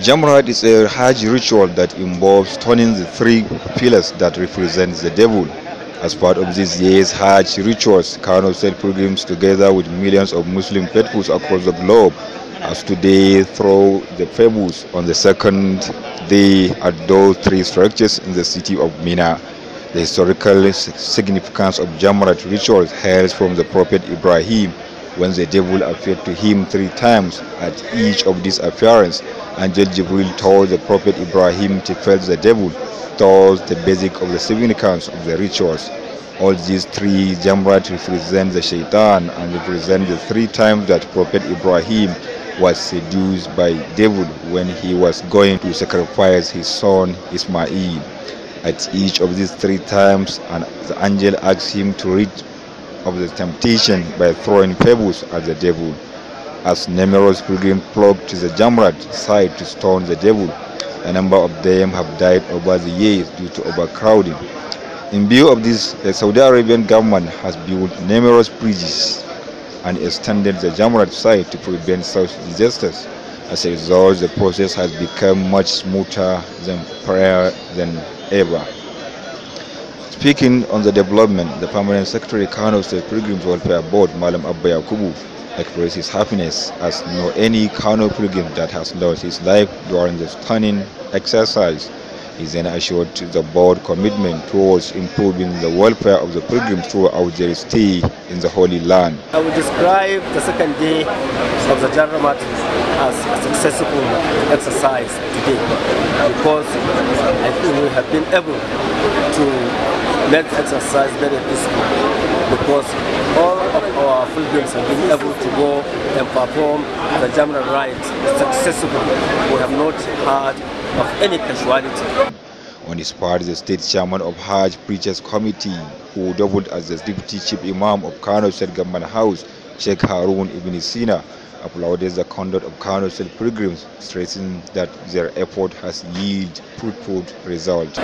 Jamrat is a Hajj ritual that involves turning the three pillars that represent the devil. As part of this year's Hajj rituals, Kano sent pilgrims together with millions of Muslim faithfuls across the globe as today throw the pebbles on the second day at those three structures in the city of Mina. The historical significance of Jamrat rituals hails from the Prophet Ibrahim when the devil appeared to him three times at each of these appearances. Angel Jibril told the prophet Ibrahim to face the devil, towards the basic of the significance of the rituals. All these three jamrat represent the shaitan and represent the three times that prophet Ibrahim was seduced by devil when he was going to sacrifice his son Ismail. At each of these three times, and the angel asked him to read of the temptation by throwing pebbles at the devil. As numerous pilgrims flocked to the Jamrat side to stone the devil, a number of them have died over the years due to overcrowding. In view of this, the Saudi Arabian government has built numerous bridges and extended the Jamrat site to prevent such disasters. As a result, the process has become much smoother than prior than ever. Speaking on the development, the Permanent Secretary of the Pilgrims Welfare Board, Malam Abba Yakubu, expressed his happiness as no any Kano pilgrim that has lost his life during the stunning exercise. He then assured the board commitment towards improving the welfare of the pilgrims throughout their stay in the Holy Land. I would describe the second day of the Jarramat as a successful exercise today because I think we have been able to let's exercise very peacefully because all of our pilgrims have been able to go and perform the general rites successfully. We have not heard of any casualty. On his part, the state chairman of Hajj Preachers Committee, who doubled as the deputy chief imam of Kano State Government House, Sheikh Harun Ibn Sina, applauded the conduct of Council pilgrims, stressing that their effort has yielded fruitful results.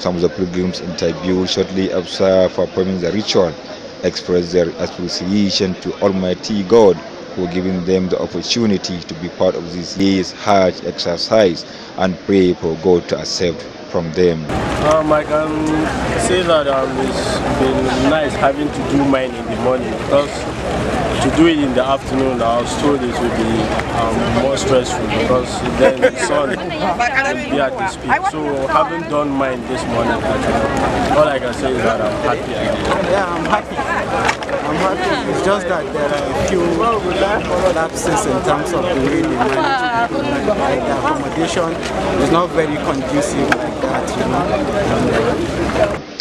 Some of the pilgrims in interviewed shortly after performing the ritual expressed their association to Almighty God for giving them the opportunity to be part of this year's Hajj exercise and pray for God to accept from them? Um, I can say that um, it's been nice having to do mine in the morning because to do it in the afternoon, our students will would be um, more stressful because then the sun will be at its peak. So having done mine this morning, all I can say is that I'm happy. Yeah, I'm happy. It's just that there are a few lapses in terms of the way they manage like the accommodation is not very conducive like that, you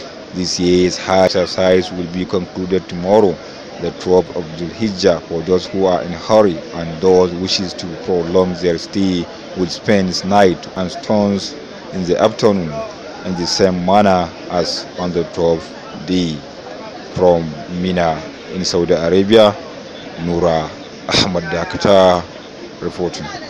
know. This year's Hajj exercise will be concluded tomorrow, the 12th of Dhul for those who are in hurry and those wishes to prolong their stay will spend night and stones in the afternoon in the same manner as on the 12th day from Mina in Saudi Arabia, Nura Ahmad Dakata reporting.